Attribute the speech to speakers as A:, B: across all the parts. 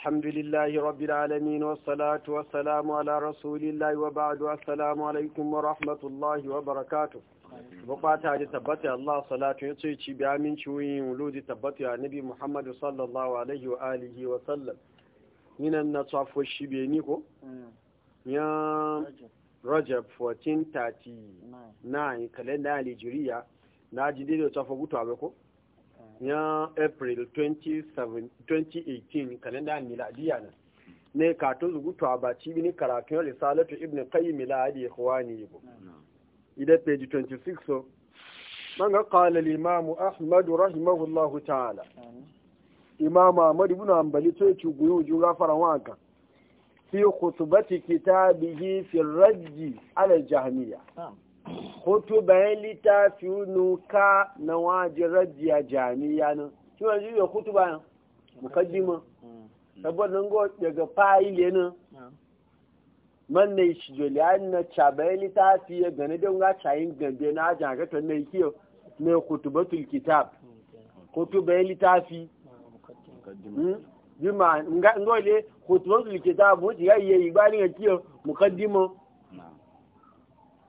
A: الحمد لله رب العالمين والصلاة والسلام على رسول الله وبعد السلام عليكم ورحمة الله وبركاته bukata da tabbata Allah salatu ya ce ci bi aminci wuyin wuludi tabbata ya nabi Muhammad sallallahu alaihi wa alihi wa sallam ninan na tsafo shi ni ko ya Rajab 1439 kalenda Algeria na ji dai da tsafo gutu ba ko ya april 2018 kalenda miladiya na ne ka to zugutu a baci karatu karatun risalatu ibn qayyim miladi ikhwani ibo ida page 26 so man ga qala al-imam ahmad rahimahullahu ta'ala imam ahmad ibn hanbali to ci guyu ju gafaran waka fi khutbati kitabihi fi rajji ala jahmiya hoto bayan littafi nuka na waje rajiya jami'a nan shi ma jiya hoto bayan mukaddima mm. saboda nan go daga fayile nan man ne shi joli an na ca bayan fi ya gane da ga cayin gande na ajiyar gata na ikiyo na hoto batul kitab hoto bayan littafi hmm? bima ngole hoto batul kitab wuce ya iya yi ba ni ga kiyo mukaddima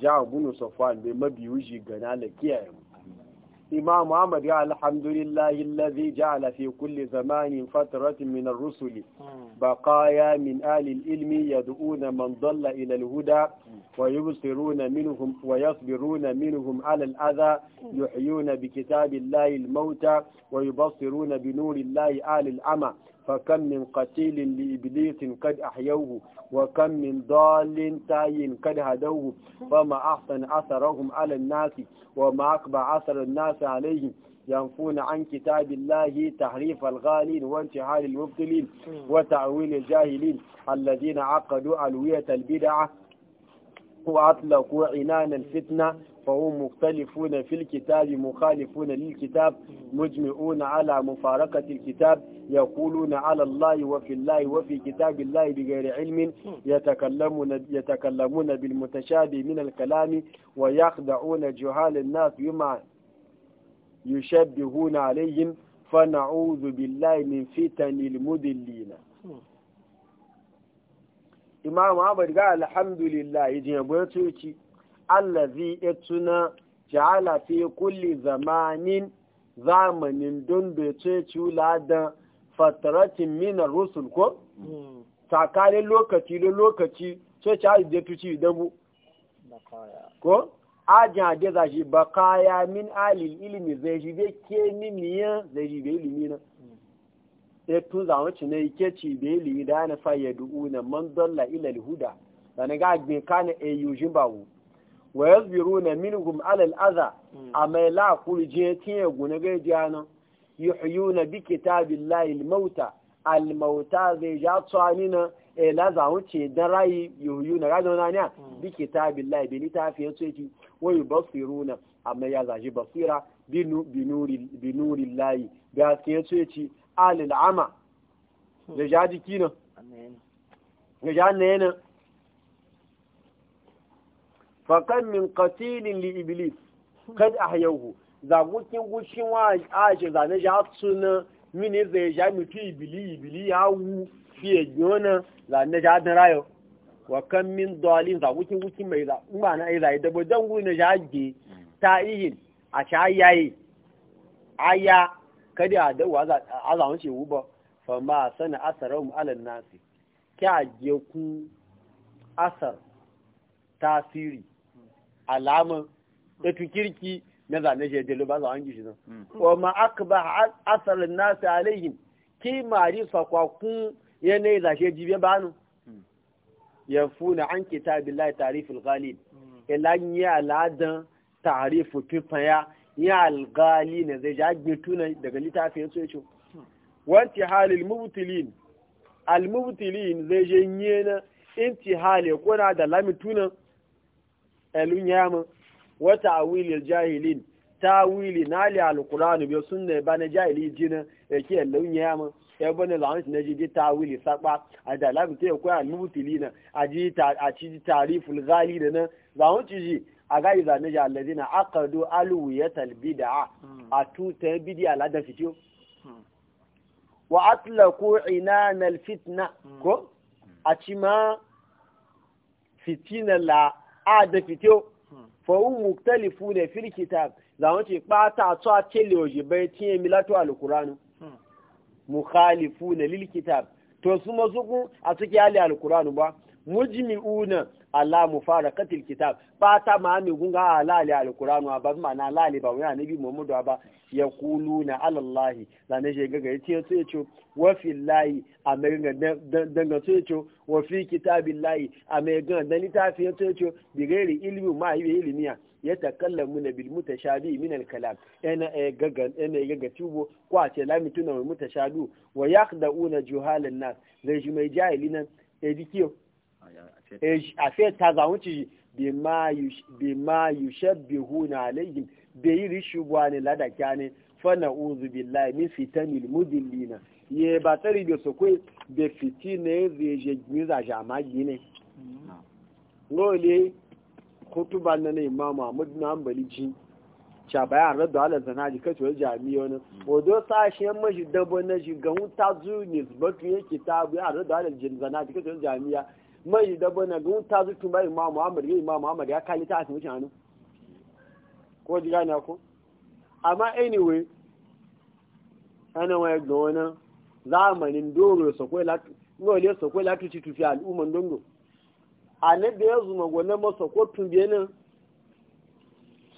A: جعب بن صفان بما بيوجي قنال كيام إمام محمد قال الحمد لله الذي جعل في كل زمان فترة من الرسل بقايا من آل الإلم يدؤون من ضل إلى الهدى ويبصرون منهم ويصبرون منهم على الأذى يحيون بكتاب الله الموتى ويبصرون بنور الله آل الأمى فكم من قتيل لإبليس قد أحيوه وكم من ضال تاي قد هدوه فما أحسن أثرهم على الناس وما أكبر أثر الناس عليهم ينفون عن كتاب الله تحريف الغالين وانتحال المبتلين وتعويل الجاهلين الذين عقدوا ألوية البدعة وأطلقوا عنان الفتنة فهم مختلفون في الكتاب مخالفون للكتاب مجمعون على مفارقة الكتاب يقولون على الله وفي الله وفي كتاب الله بغير علم يتكلمون, يتكلمون بالمتشابه من الكلام ويخدعون جهال الناس بما يشبهون عليهم فنعوذ بالله من فتن المدلين إمام عبد قال الحمد لله يجي أبو allazi tuna ja'ala fi kulli zamanin zamanin don da ce cula da fataratin minar rusul ko hmm. takalin lokaci da lokaci ce ci hajji da tuci idan bu ko ajin hajji za shi bakaya min alil ilimi zai shi zai ke nimiya zai shi bai ilimi na hmm. ya tun zama ci na ike ci bai ilimi da ya na fayyadu na man dalla ilal huda da na ga agbin kana a yujin bawu wa yasbiruna minhum ala al-adha hmm. amma la kulje tiye gune ga jana yuhyuna bi kitabillahi al-mauta al-mauta zai ja tsanina e la za wuce dan rayi yuhyuna ga jana ne hmm. bi kitabillahi bi litafiyan su yake wa yubsiruna amma ya zaji basira binu binuri binuri lahi ga tiye su yake al-ama da hmm. jaji kina ga jana ne fakan min katilin li iblis kad ahyahu zagukin gucin wa ashe zane ja suna mini zai ja mutu ibili ibili ya wu fiye gona zane ja dan rayo wa kan min dalin zagukin gucin mai za ma na ai zai dabo dan gu na ja ge taihin a cha yayi aya kada da wa za a za mu ce uba fa ma sana asarahum ala nasi kya je ku asar tasiri alamun ɗatu kirki na zane shi da ba za a shi nan hmm. wa ma aka ba asalin nasu alayhim ki mari fakwakun yanayi zashe jibe ba nu hmm. ya funa an kita billahi tarifin ghalib hmm. ilan yi aladan tarifu fifaya yi algali na zai ja gbetuna daga littafin su ya ce wanti halil mubtilin al mubtilin zai je yi na inti hali kuna da lamitunan elunyamu wata awilil jahilin jahilin ta'wili na ali alquran bi sunna ba na jahili jina yake elunyamu yama ya bane lawrence na ta ta'wili saba a da labi ta yakwai al-mutilina a ji a tariful ghali da nan lawrence ji a ga iza na jalladi na aqadu alwiyatal bid'a hmm. a tuta bid'a la da fito hmm. wa atlaku inanal fitna hmm. ko a ci ma fitina la a da fito fa'un muktalifu ne fil kitab za mu ce ɓata su a cele waje bai tiye milatu alkuranu mukhalifu ne lil kitab to su ku a suke ali alkuranu ba mujmi'una ala mufarakatil kitab ɓata ma mi gunga ala ali alkuranu ba ma na ala ali ba wani nabi muhammadu ba ya kulu na alallahi shi gaga ya ce su ya ce wa layi a mai ga su ya ce wa fi layi a mai ga dan litafi to ce bi gairi ilimi ma yi ilimiya ya kallon na bil mutashabi min al kalam ina e gaga ina e gaga tubo ko a ce lami tuna muta mutashadu wa una juhalin nas zai shi mai jahili nan edikiyo e a ta zawunci bi ma yushabbihu na alayhim da yi rishu ne lada kyane fana uzu billahi min fitanil mudillina ye ba tsari da su kai da fiti ne zai je gmiza jamagi ne lole kutuba na na imamu ahmad na ambali ji cha an rado ala zana ji kacewa jami wani odo sashen mashi dabo na shi ga wuta zuni zubatu ya kitabu ya rado ala ji kacewa jami jami'a mashi dabo na ga wuta zuni tun ba imamu amur ya imamu amur ya kalita a cikin hannu ko ji gane ku amma anyway ana waya ga wani zamanin doro sakwai lati ngole sakwai lati ci tufi al'umman dongo a na da ya zuma gwanan masa ko tumbe nan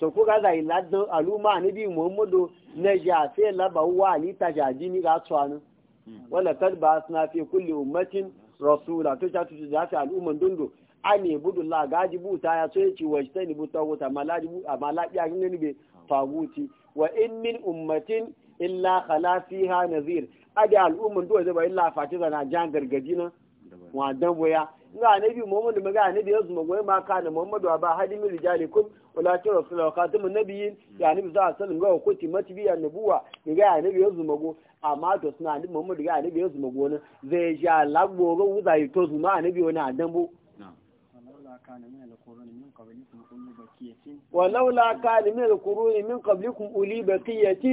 A: sako ga zai ladan al'umma ne bi muhammadu na ja sai laba wa ni ta jaji ni ga tsanin hmm. wala kad ba suna fi kulli ummatin rasula to ta tuci da al'umman dondo ane budu la gaji buta ya so yace wa sai ni buta wuta malaji bu amalaji an ne be faguti wa in min ummatin illa khala fiha nazir ada al'umman do zaba illa fatiza na jan gargadi na wa dan boya ga annabi muhammadu maga annabi yanzu magoyi ma kana muhammadu ba hadimin rijalikum wala walakin rasulullah khatamun nabiyyin ya annabi za a sanin ga ko timati biya nabuwa ga annabi yanzu mago amma to suna annabi muhammadu ga annabi yanzu mago ne zai ja lagbo ga wuzai to zuma annabi wani adambo ولولا كان من القرون من قبلكم أولي بقية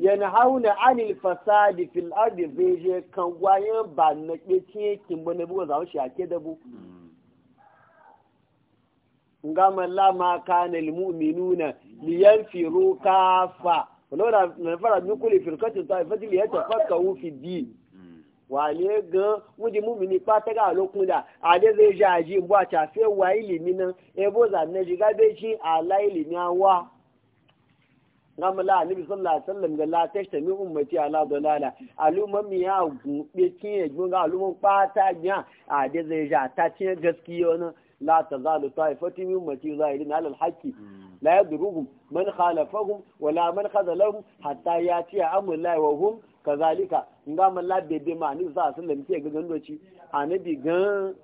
A: ينهون عن الفساد في الأرض بيجي كان وين بانك بيتي كم بنبو زاو شاكي دبو ngama lama kana almu'minuna liyanfiru kafa ولولا نفر من كل فرقة طائفة ليتفقهوا في الدين wale gan wuje mumini pata ga lokun da ade zai ji aji bu a tafe wa ilimi nan ebo za ne ji gabe shi ala ilimi awa ngamala anabi sallallahu alaihi wasallam ga la tashtami ummati ala dalala aluma mi ya gube kin e gunga aluma pata nya ade zai ta tin gaskiya la yadruhum man khalafahum wala man khazalahum hatta yati amru la wa hum kazalika nga man la bebe ma ni za sallam ke ga gandoci anabi gan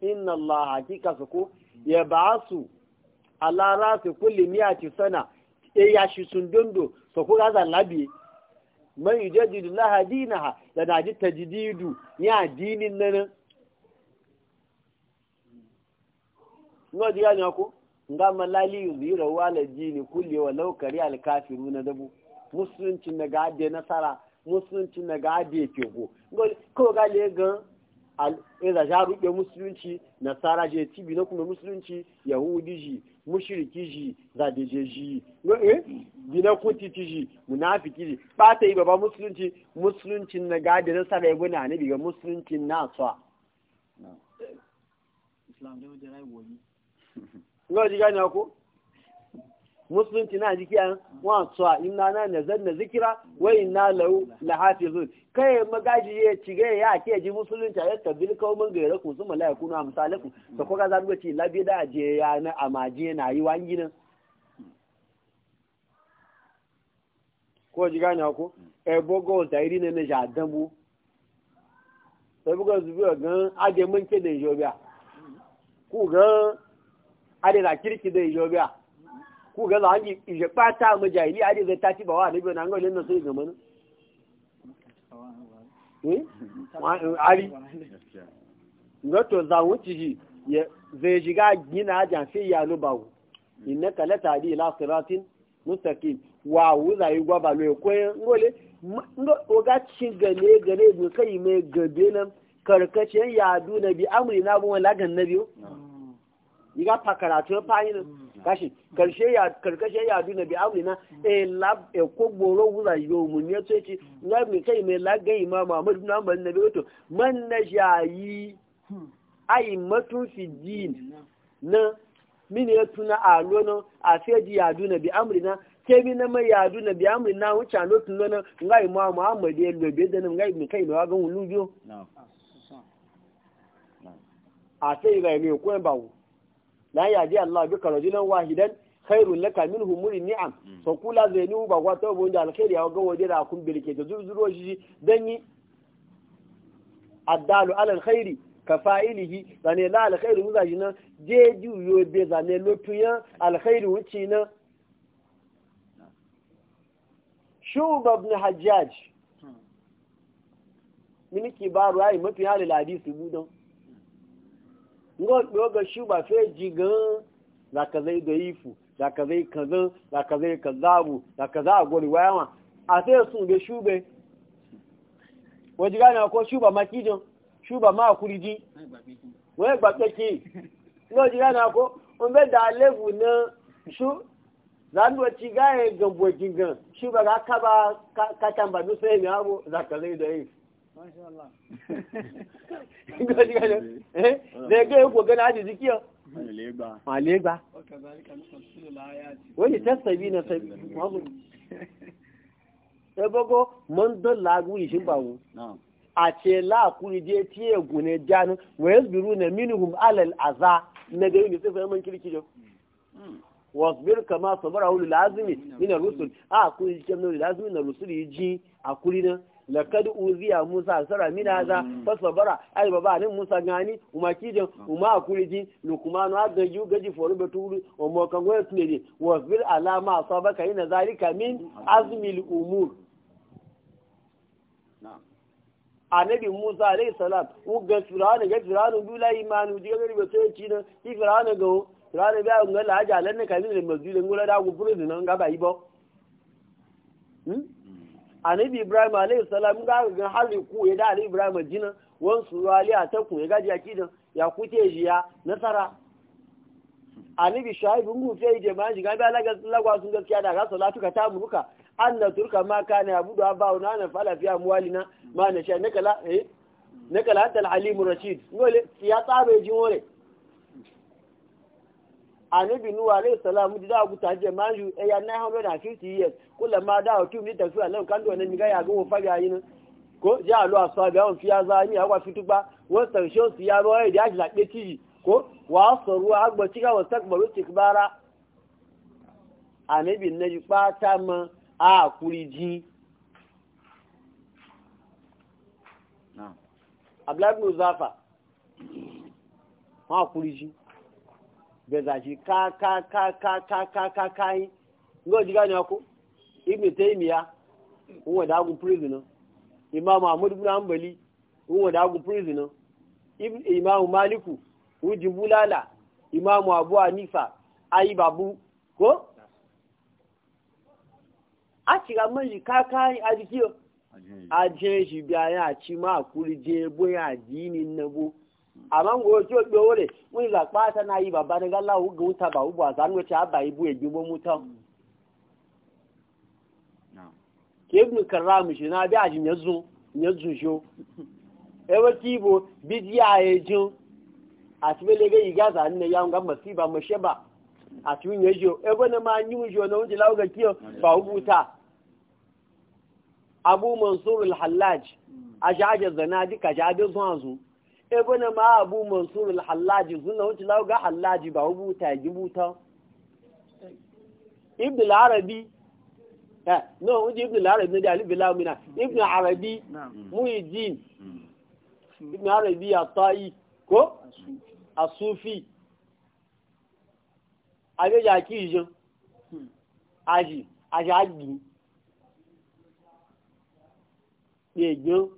A: inna allaha hakika suku ya ba'asu ala rasu kulli miyati sana e ya shi sun dondo so ku gaza labi man yujadidu laha dinaha da na ji tajdidu ya dinin nan ngo diga ne ko nga malali yuzira wala jini kulle wa laukari kari na kafiruna dabu musulunci na gade nasara musulunci na gade kego ngo ko ga le gan za ja ruɓe musulunci nasara je tibi na kuma musulunci yahudi ji mushiriki ji zadeje ji gina kutiti ji munafiki ji ɓata yi baba musulunci musuluncin na gadi nasara ya guna ne biga musuluncin na tsawa. Islam lọ́wọ́ gani ni ọkú musulunci na jí kí a wọ́n na zan na zikira wọ́n na lọ́wọ́ láháfi kai magaji ya cige ya ke ji musulunci a yadda tabbin kawo mun ku su malaya na da kuka za ci labi da je ya na amaje na yi wangi ko na na zubi ade za kirki da ijo biya ku ga za hangi ije pata mu jahili ade zai tati ba wa ne bi na ga lenno sai ga mana eh ari ngato za wuci ji zai shiga gina ajan fi ya kala ta di la siratin mustaqim wa wu za yi gwaba lo ko ngole ga ci gane gane mu kai me ga de nan karkashin yadu na bi amri na bu wala gan na biyo yiga fa karatu fa yi mm. kashi karshe ya karkashe ya duna bi na e lab e ko gboro wura yo mun ne to yace na mi kai me laga ma Muhammad na Hanbal nabi to man na jayi ai matu fi din na min ya tuna lono a sai di ya duna bi na? kebi na mai ya na bi amri na wuce tun nan ngai ma Muhammad ya lobe da nan ngai mai kai ba ga wulu biyo a sai ga mai ko ba la ya ji Allah bi ka rajulan wahidan khairun laka minhu muri ni'am so kula zai ni ba kwa tawo da alkhairi ya ga waje da kun bilke da zuzuro shi dan yi addalu ala alkhairi ka fa'ilihi zane la alkhairi mu zaji nan je juyo be zane lotuyan alkhairi wuci nan shuba ibn hajjaj miniki baro ai mafi halil hadisi budan ngo ga shi ba sai jigan zaka zai da ifu zaka zai kazan zaka zai kazabu zaka za a gori wayama a sai sun ga shube waje gane ko shuba makijin shuba ma kuriji wai gbagbe ki waje gane ko on be da levu na shu zan wa ci gaye gambo jingan shuba ga ka ba ka tamba nu sai ne abu zaka zai eh? ga yau gana aji jikiya malegba wani tasabi na sabi ya eh, bago man a ce la'akuri je tiye gune jani aza na gari da sai man kirki jau hmm. wasbir kama wuli a kuri na yi a na laqad uziya musa sara min hadha fasabara ai baba ne musa gani umakijin umakuriji lukmanu hadda yu gaji foru beturu o mo kan wa bil alama asabaka ina zalika min azmil umur annabi musa alayhi salam u ga fir'auna ga fir'auna dula imanu diga gari na ga ajalan ne mazdi da furu ibo anabi ibrahim alayhi salam ga ga hali ku ya da ali ibrahim jina wan su ta ku ya gaji akida ya te jiya nasara anabi shaibu ngu fe je ma ji ga ba laga lagwa sun gaskiya da ga salatu ka ta muruka anna turka ma kana yabudu aba wa nana fala fi amwalina ma na sha nakala eh nakala antal alimur rashid ngole ya tsabe ji hore. annabi nuwa alayhi salam di da guta je manju e ya 950 years kula ma da otu ni tafiya nan kan do nan ga ya go faga yin ko ja lo asabi on fiya aza ni awa fituba won san sho si ya ro e da la pe ti ko wa soru agbo ti ga wastakbaru tikbara anabi ne ju pata mo a kuriji na bẹ̀rẹ̀ sí káàkáàkáàkáàkáàkáàkáàyí ngọ́ jígá ni ọkú ibi tẹ́ ìmì ya òun ọ̀dà agun prison náà ìmáàmù àmúdúgbò àmbẹ̀lì òun da agu prison náà ìmáàmù málìkù òun jì búlálà ìmáàmù àbú ànífà ayíbàbú kó. a ti ra mọ́yì káàkáàyí adìkí o ajẹ́ ìṣìbí ayé ma máa kúrò jẹ́ ji ni náà àmọ́ ń gbowó tí ó yi rẹ̀ wọ́n ìgbà pátá náà yí bàbá nígbà láwùú gòun tàbà wùbọ̀ àzánú ẹ̀ tí a bà ibú ẹ̀jú mọ́mú tán. kébùnù kàrà àmùsù náà bí àjì yẹn zun yẹn zun ṣó ẹwọ́ tí ibo bí dí ààyè jun àti wẹ́lẹ́gẹ́ yìí gáàsà ní ẹ̀yà ń gbàgbọ́ sí ìbámu ṣẹ́bà àti wúnyẹn ṣó ẹwọ́ náà máa ń yún ṣó náà ń ti láwùgà kí ọ bà abu mansur alhallaj hmm. a àjẹzẹ̀ náà dí kàṣà adé zún ibn ma abu mansur al-hallaji sunna wuce lawo ga hallaji ba hubuta gibuta ibn al-arabi eh no wuce ibn al-arabi ne da alif bila mina ibn arabi muhyiddin hmm. ibn arabi at-ta'i ko as-sufi aje ya kijin hmm. agi ejo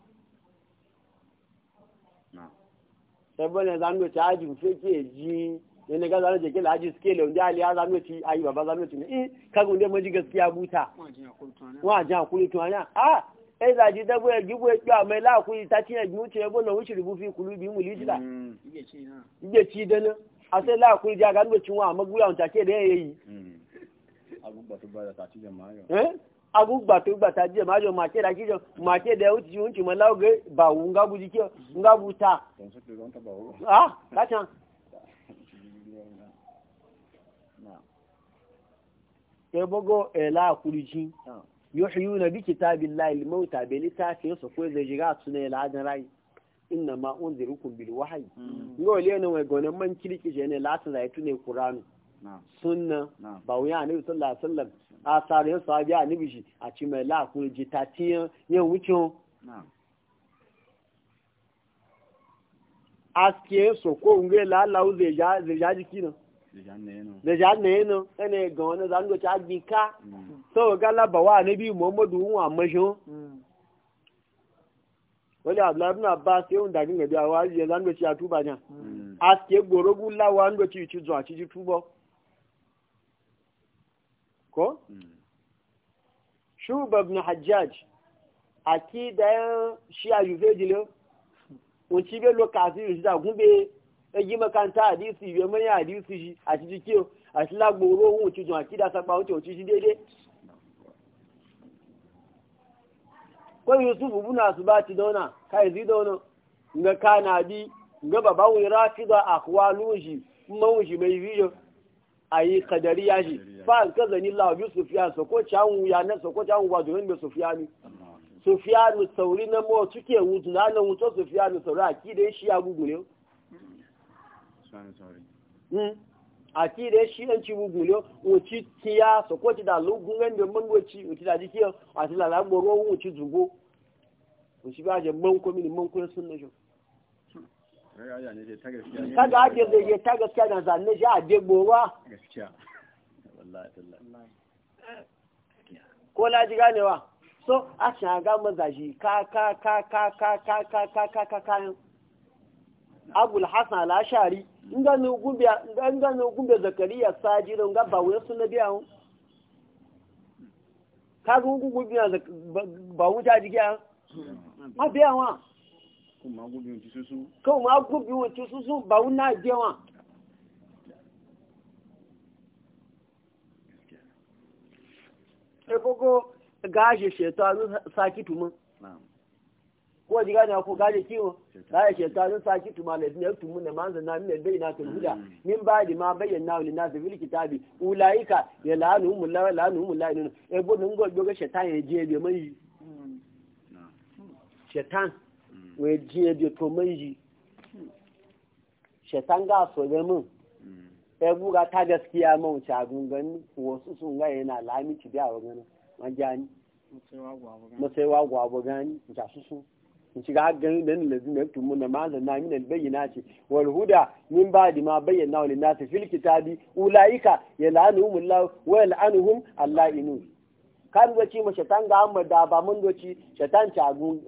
A: sabon ya zanu ta aji fe ke ji ne ne ga zanu je kila aji scale unde ali zanu ci ayi baba zanu ci eh kaga unde maji gaskiya buta wa ja kuli to anya ah eh za ji dabo ya e gibo e ya kwa mai la kuli ta tiya e mu ce bo na wuce rubu fi kulubi mu lidila hmm. ije ci na ije ci dana a sai la kuli ja ga nbo ci wa magula unta ke da yayi hmm. abu ba su ba da ta ci jama'a eh agugba to gba ta je ma jo ma ke da kijo ma ke da uti un ma lauge ba wu buji ke nga buta ah ka chan ke bogo ela kuliji yuhyuna bi kitabillahi al-mauta bi litafi so ko zai jiga tsune la dan inna ma unzirukum bil wahyi hmm. ngo le ne wai gonan man kirki je ne la ta zai e tune qur'ani sunna ba wuya a nabi sallallahu alaihi wasallam a tsarin sahabi a nabi shi a ci mai la'akun ji yin wucin aske so ko nge la la u ze ja ze ja jiki no ze ja ne no ene gan na zan do cha ji ka mm. so gala la ba wa ne bi muhammadu wa majo mm. wale abdullahi ibn abbas yau e da ginga biya wa ya zan do cha ba nya mm. aske gorogu la wa ndo ci ci zo ci tu tubo ko hmm. shubab na hajjaj a kí e e shi a yuve dilo wọn ci bẹ lo kàfin yìí síta gún bẹ ẹjí makanta o ti ko yusuf kai e zi nga kana bi nga akwaluji mai video a yi kadariya shi fa ka zani labi sufiya so ko ya na so ko can wato ne sufiya ne sufiya ne sauri na mo cike wutu na nan wuto sufiya ne sauri a kide shi ya gugule hmm? a kide shi ci gugule ko da lugun da mun da a gboro zugo ba sun na ga ake zai je ta gaskiya na zanne shi a je gowa ko laji ganewa so a shaga maza shi ka ka ka ka ka ka ka ka ka ka kayan abul hasan al'ashari inganu gumbe zakariya sajirin gaba wuya suna biya hun kagun gugu biya ba wuta jigiya ma biya wa Kò máa gúbi ohun ti súsú. Kò ti náà wọn. Ko ji gane saki tuma da ne tumu ne manzo na min bai na ta ba di ma bayyana wa linnas bil kitabi ulaika yalanuhum la yalanuhum la yalanuhum. wai jiye bi to manji shetan ga so da mun mm. sai buga ta gaskiya mun ta gungan wasu sun ga yana lamici da wa gani majani musai wa gwa bu gani ta susu in ci ga ganin da lazi ne da mun ma da na min albayyana ce wal huda min ba'di ma bayyana wa linnas fil kitabi ulaika yalanuhumullahu wa yalanuhum allahinun kan wace ma shetan ga amma da ba mun doci shetan ta gungan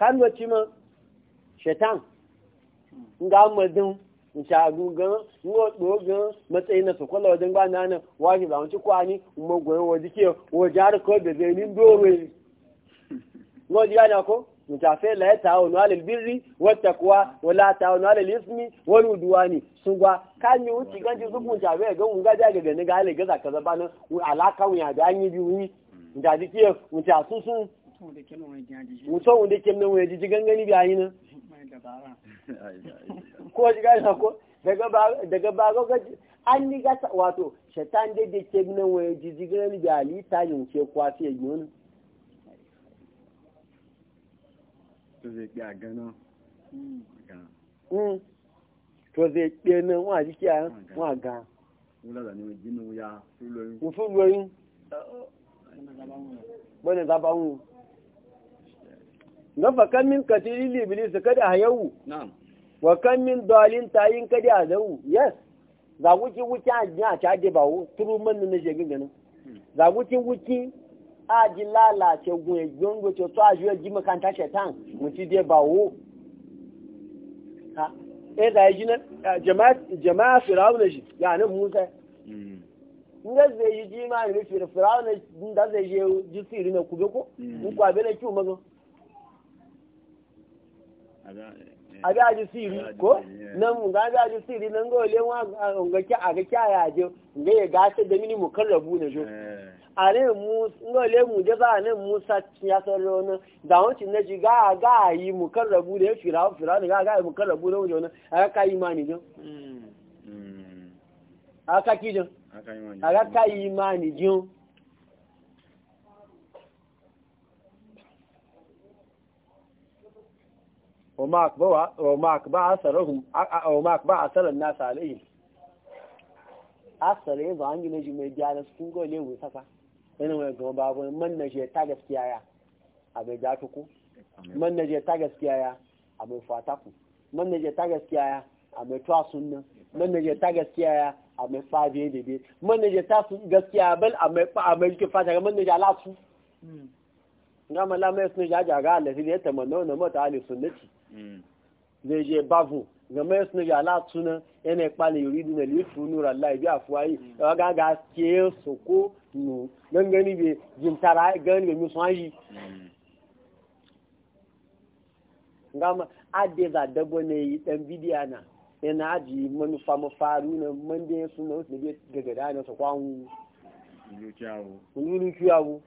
A: kanwa cima ma shaitan nga mazin ncagu gan ngo do gan matsayin na sokola wajen ba nan waje ba wancin kwani umma goyo waje ke waje har ko da zai nin dore ngo ji yana ko mutafe la e ta'awunu 'alal birri wa taqwa wa la ta'awunu 'alal ismi wal udwani sugwa kan yi wuci ganji zubun jabe ga un ga daga ga ni ga ale ga zaka zaba nan alaka ya da an yi biyu ni da dike mutasu sun musa wanda ke nan wani jiji gangani bi ayi nan ko ji gani ko daga ba ga an yi gasa wato shaitan dai da ke nan wani jiji gangani bi ali ta yi wuce kwasi ya gini to zai ɗe hmm. hmm. nan wa jiki a wa ga wufin lorin bane zaba wuni gafa kan min katiri liblis kada a yau wa kan min dalin tayin kada a zau yes za wuki wuki a jin a caje ba turu man na shegin ganin za wuki wuki a ji lalace gun ya gongo to to a juya ji makanta shaitan mutu dai ba wo. ha e eh, da yi nan eh, jama'a jama'a firawuna shi ya nan musa mm. nga zai yi ji ma ne firawuna da zai je ji sirri na kube ko mm. ko abin da kiwo mazo abiyaji eh, siri ko nan mu ga abiyaji siri nan ga wale wa ga ki a ga ya je ga ya gasa mini mukarrabu ne jo a na mu ga le mu da ba musa ya sarro nan da wancin na ji ga ga yi mukarrabu da ya fira fira ne ga ga yi mukarrabu da wajen aga ka imani jo hmm. hmm. a ka ki jo ka jo wa ba a tsarar nasa alayi asali yin zuwa hangi na ji mai biya su kungo ne wuce sasa yana wani gama babu man na je ta gaskiya ya a bai gafi ku man na je ta gaskiya ya a bai fata ku man na je ta gaskiya ya a mai tuwa sunna man na je ta gaskiya ya a mai fabiye da biye man na je ta gaskiya ya bal a mai jikin fata ga man na je alasu hmm. gama lamai suna jaja ga alasi ne ya tamanna wani mata alisun na ci zai je babu game ya suna yala suna yana kpali yuri dina lifu nura lai biya fuwayi yawa mm. ga ga ke soko nu don gani be jintara gani be musu hanyi mm. gama ade za dabo ne yi dan na yana aji manufa mafaru na mande suna wasu ne bai gagada na su kwanwu. Ulu kiyawo. Ulu kiyawo.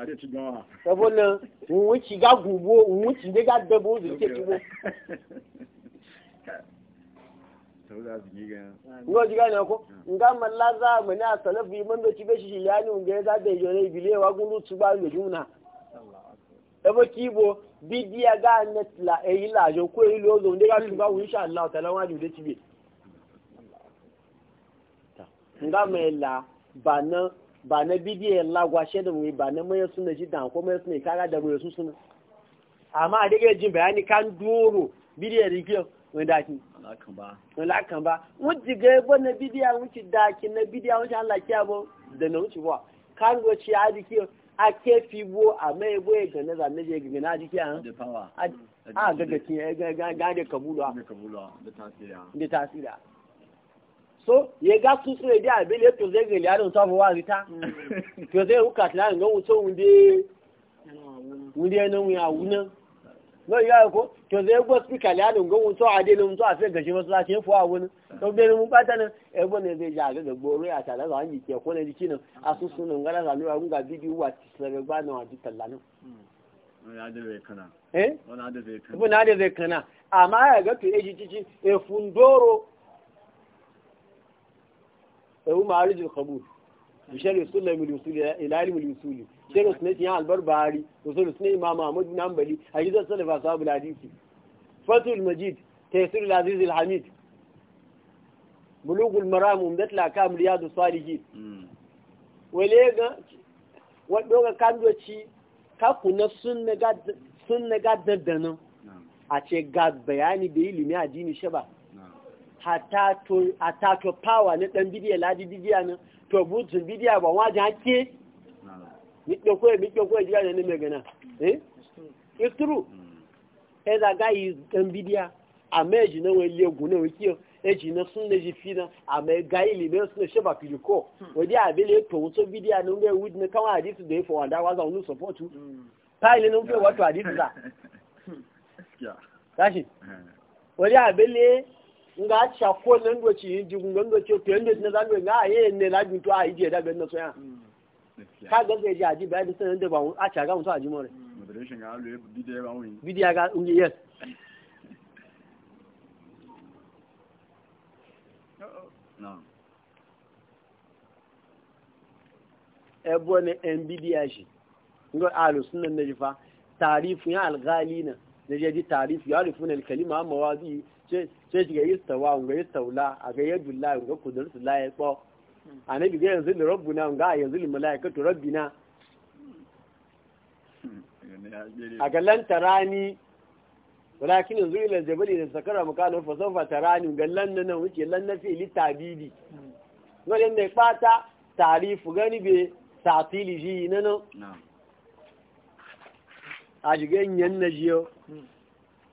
A: adé ti gan wa. ẹ̀fọ́ náà òun ti gá gùnbó òun ti dé gá dẹ́bó òun ti tètè wó. Ngo jiga na ko nga malaza mani a salafu yi mando ci beshi shiliyani unga ya zaɗa wa gundu su ba lo juna. Ebo kibo bidiya ga net la eyi la jo ko eyi lo zo ndega tuba wu insha Allah ta'ala wa jude ci be. Nga mela banan ba na bidiyar lagwashe da mu ba na mayar suna ji dan ko mayar suna kara da mayar sun suna amma a daga jin bayani kan doro da rigiyar wani daki wani akan ba wujji ga yabo na bidiyar wuce daki na bidiyar wuce an laki bo da na wuce ba kan goci a jiki a kefi bo a mai bo ya gane za na gane a jiki a a gaggakin ya gane kabulwa da tasira so ye ga su su edi ya to ze gele ado so wa rita to ze u ga ngo wunde wunde unde no wi awuna no ya ko to zai go speaker ya ado ga so a no so a gaji gashi masu la tin fo awuna to be mu bata na ya e go ne ze ja ga ga gboro ya ta la ga ko ne di kino asusu no ngala ga lu wa nga bi wa ti se be adi tala no Eh? Wani ade zai kana. Wani zai kana. Amma ya ga to eji cici efundoro sau ma'arijin kabul bishar yusulla mil yusuli ilali mil yusuli shi da sunan tiyan albar bahari usul sunan imam mahmud bin hanbali a gidan salafa sabu hadisi fatul majid taysir al aziz al hamid bulugul maram umdat la kam riyadu salihin wale ga wado ga kandoci ka kuna sunna ga sunna a ce gad bayani da ilimi addini shi ba hatta to power na ɗan bidiya ladi bidiya na to butun bidiya ba wajen hake miƙe kawai miƙe kawai jiya da ne mai gana eh it's true hmm. e za ga yi ɗan bidiya a mai ji na wani legu na wiki e ji na sun na ji fi na a mai ga yi limai sun na shi ba fili hmm. wadi a bele to wuto bidiya na ngai wudi na kawai hadisi da ya fi wanda waza wani supportu ta ile na ngai wato hadisi za. Hmm. Tashi. wani a bele nga cha ko nan do ci ji ngun do ci to yende na zan nga ye ne la ju to a ije da ben na so ya mm. ka ga ze ja ji ba da se ndo ba a cha ga mu so a ji more mm. moderation ga e ga un yes no ebo ne en bidiya shi ngo alu sunan ne fa tarifin al-ghalina ne je ji tarifu ya alifuna al-kalima amma wadi sai shiga yi stawa ga yi staula a ga yadda la ga kudurtu la ya tso a na ga yanzu da na ga yanzu da malaikatu na a ga lan tarani walakin yanzu ila jabali da sakara makano fa sawfa tarani ga lan nan wuce lan na fi litabidi wani hmm. ne fata tarifu gani be satili ji nan a jigen yan na jiyo hmm.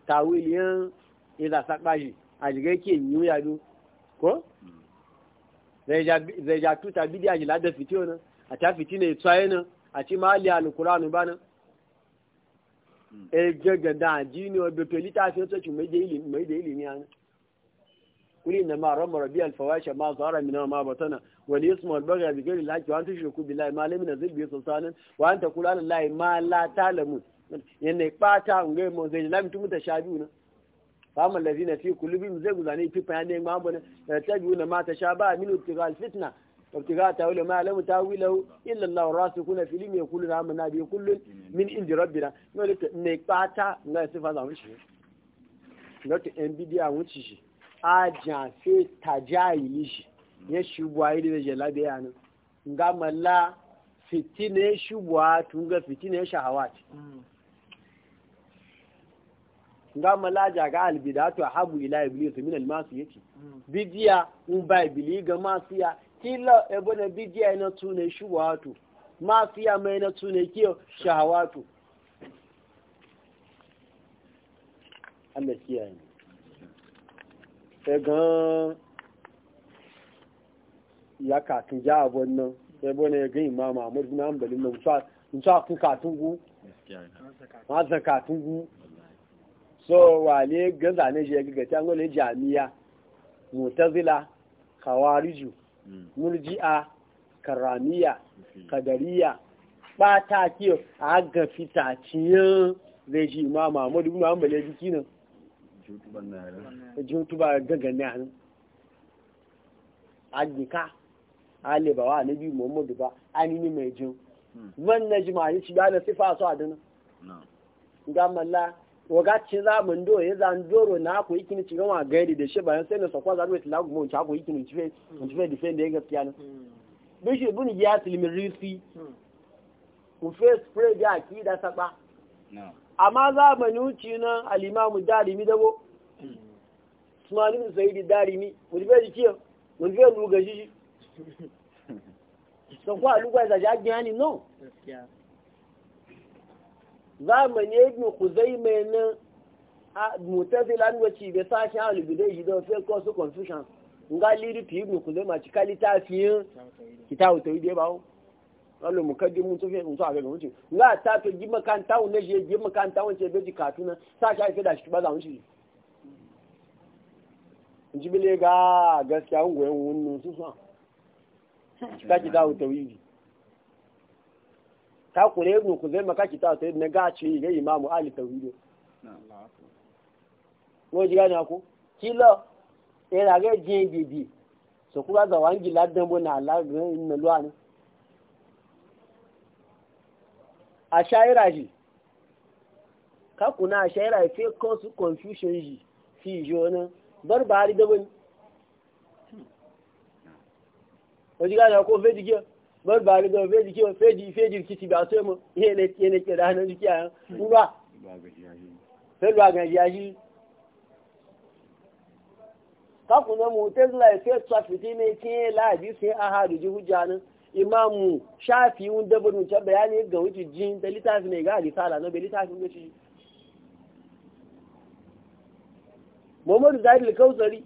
A: tawiliyan iza sakpashi ajigai ke yiwu yado ko zai ja tuta bidiya ji ladar fitiyo nan a ta fiti ne tsaye nan a ci mali alukuranu ba ne hmm. e gagada ajini wa bepeli ta fi tsoci mai da ilimi ya nan kuli na ma ramar rabi alfawashe ma tsara mina ma batana wani ismu albaga bi gari laki wani an tushe ku bilayi ma lamina zilbi sosanin wa an ta kula layi ma la talamu yana ipata ngai mo zai lamitu biyu na. fama lazina fi kulubi mu zegu zane fi a ma bu na tabi na mata sha ba min utigal fitna utiga ta wala ma lam ta wila illa allah rasu kuna fi limi yakulu na mun nabi kullu min indi rabbina no le ne pata na sifa za wuce no te mbidi a wuce shi aja se tajai ni shi ne shi buayi de je la bia no ngamala fitine shubwa tunga fitine shahawati mm. nga malaja ga albidatu habu ila iblis min almasu yace mm. bidiya un ba ibili ga masiya kila ebona bidiya na tune shuwatu masiya mai na tune kiyo shahawatu amma kiyaye e gan ya ka tun ja abun nan ebona ya ga imama Ahmad bin Hanbal nan musa musa kun ka tungu ma zakatun gu so wale gaza ne je ga ta ngole jami'a mutazila kawariju mm. murji'a karamiya mm-hmm. kadariya ta kiyo a ga fitaciyan zai ji ma mamu ibn hanbal ya jiki nan jutuba a ne hannun agika alibawa na biyu muhammadu ba anini mai jin mm. wannan jima'i ci bayan sifa su adana gamalla wagacin zamun do ya zan doro na ku ikini ci gama gari da shi bayan sai na sakwa za ruwa tilagu mu ta ku ikini ci fe hmm. ci fe difen da gaskiya ne hmm. bishi bun ya tilmin risi ku hmm. fe spray da ki da saba amma zamani uci na alimamu darimi dabo sumanin sayidi darimi mu dibe ji kiyo mu dibe lugaji sakwa lugwa za jagi no zamani ibn Khuzaimah nan mutazila ni wacce bai sashen alibidai shi don fake cause confusion nga liri fi ibn Khuzaimah ci kali ta fi yin kita wuta wide ba wani mukaddi mun tufe mun tuwa gaga wuce nga ta fi ji makanta wun na shi ji makanta wun ce beji katuna shi, haife da shi ba za wuce in ji bile ga gaskiya wun goyon wun nun su sa ta kita wuta wide ka kure ibn ku zai maka kita sai na gaci ga imamu ali tawhido ko ji gani ko kila. e eh, da ga jin bibi so ku ga wangi ladan bo na la ga na luana. a shaira ji ka kuna a shaira fe ko su confusion ji fi jona barbari da bani ko ji gani ko fe ji bar ba ni ga feji kiwa feji feji kici ba sai mu ihe ne ke ne ke da hannun jiki a yan ba sai ba ga yaji ka kuma mu tezla sai tsafiti ne ke laji sai a hadu ji hujjanin imamu shafi un dabarun can. bayani ga wuce jin da littafi ne ga risala na bai littafin da shi Muhammadu Zahid Al-Kautsari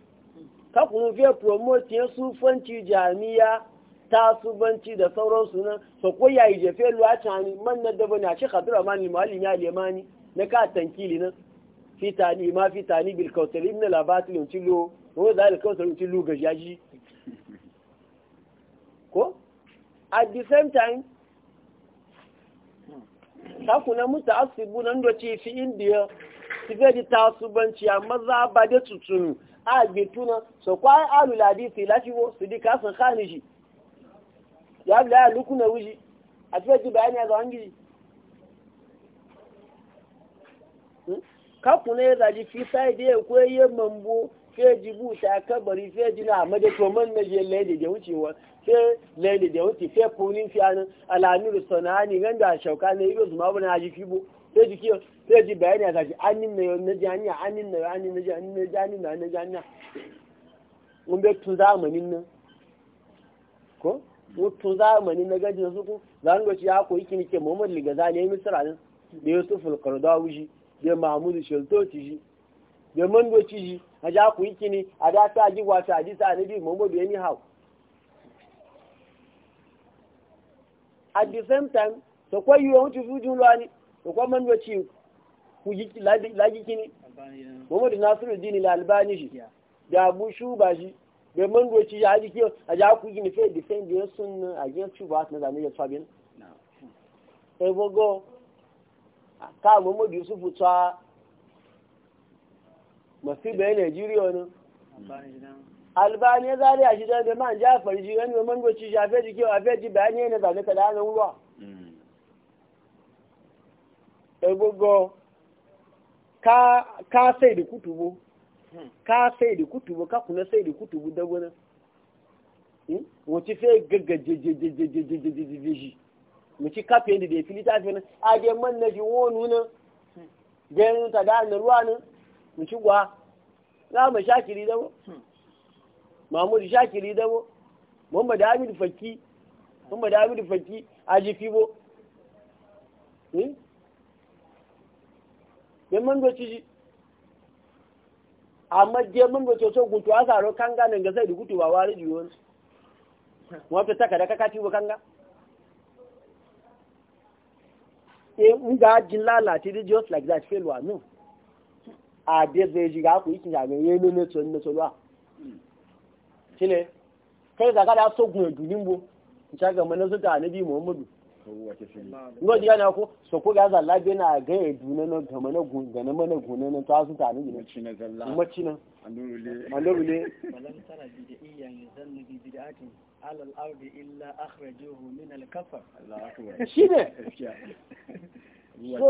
A: ka kuma fiye promote sufanci jami'a tasubanci da sauransu nan so ko ya yi jefe luwa cani man na daba ne a shi khadura mani malin ya lemani na ka tankili nan fitani ma fitani bil kautar ibn labatul yunci lo wani da al kautar yunci lo ga jaji ko at the same time ta kuna muta asibu nan da ce fi indiya ti fẹ́ di tasubanci a maza ba da tutunu a gbetuna so kwa aluladi fi wo su di kasan kanishi ya bila ya lukuna wuji a cikin ji bayani a zawon gizi hmm? kaku ne ya zaji fi sai da ya yi mambo sai ji buta kabari sai ji na amade to man na je lai da wucewa sai lai da wuce sai kunin fi anan alamiru sanani ganda shauka ne ido zuma bana ji fibo sai ji kiyo sai ji bayani a zaji anin na na ji anya anin na anin na ji anin na ji anin na na ji anya mun bai tun zamanin nan ko mutu zamani na gajin su ku zan gaci ya koyi kini ke Muhammad Ligazali ya misra ne da Yusuf al-Qardawi shi da Mahmud Shaltoti shi da Mandoci shi a ja koyi kini a da ta ji wata na biyu muhammadu yani hau at the same time to kwa yiwo mutu su jun lani to kwa Mandoci ku yi laji kini eh. nasiru dini al-Albani shi da Abu Shuba shi da man doci ya ji kiyo a ja ku gini fe defend yan sun a gen ci na zane ya tsabin e bogo ka mo mo yusufu tsa masibe nigeria ne albani ya zari a shidan da man jafar ji gani e man doci ya fe ji ke a fe ji bayani ne zane ka da nan ruwa mm. e ka ka sai da kutubu ka sai da kutubu ka kuna sai da kutubu da wani hmm? wace sai gaggajejejejejejejejejeji mace kafin da ya fili tafi nan a dai man na ji wonu nan ganin ta da na ruwa nan mace gwa za mu shakiri dabo mahmud shakiri dabo muhammad hamid fakki muhammad hamid fakki a ji fibo yan man doci amma je mun ba coco gutu a tsaro kanga nan ga zai da gutu ba wari jiwon wata taka da kakaci ba kanga e eh, nga jin lalace di just like that fail one no a de zai ji ga ku yi kin ga ye ne ne tun ne so lwa kile kai da ga da so gun edu nimbo ta ga mana zuta annabi muhammadu ngo diga na ko so ko ga zalla be na ga e duna no ta mana gunga na mana na ta su tani ne mace na zalla mace na andurule andurule balan tara bid'iyan zannu bi bid'atin ala al illa akhrajuhu min al Allahu akbar ne so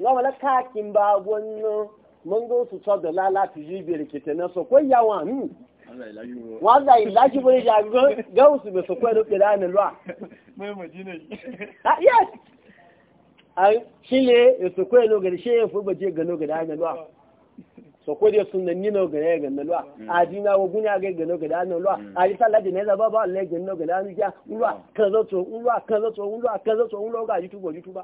A: in kakin ba mun go ko ni wọ́n dà ìdájú bó lè jà gẹ́wùsù bẹ̀ sọ pẹ́lú pẹ̀lú àmì lọ́à. yes shi ne èso pẹ́lú gẹ̀rẹ́ ṣe é fún gbẹ̀jẹ̀ gẹ̀lú gẹ̀rẹ́ àmì lọ́à sọ̀kọ́ dẹ̀ sun nan nínú gẹ̀rẹ́ gẹ̀rẹ́ lọ́à àti iná ogun ní agẹ́ gẹ̀rẹ́ gẹ̀rẹ́ àmì lọ́à àti sálájì ní ẹ̀sà bábá lẹ́ gẹ̀rẹ́ gẹ̀rẹ́ àmì já ńlọ́à kẹ́lọ́tọ̀ ńlọ́à kẹ́lọ́tọ̀ ńlọ́à kẹ́lọ́tọ̀ ńlọ́à yútúbọ̀ yútúbà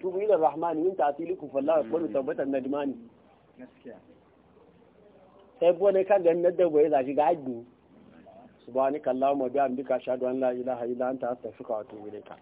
A: tubu ila rahmani min ta'tilikum fallahu yaqulu mm. tawbatan najmani gaskiya sai bone ka ga na da bai zaji gadi subhanakallahumma bihamdika ashhadu an la ilaha illa anta astaghfiruka wa atubu ilayk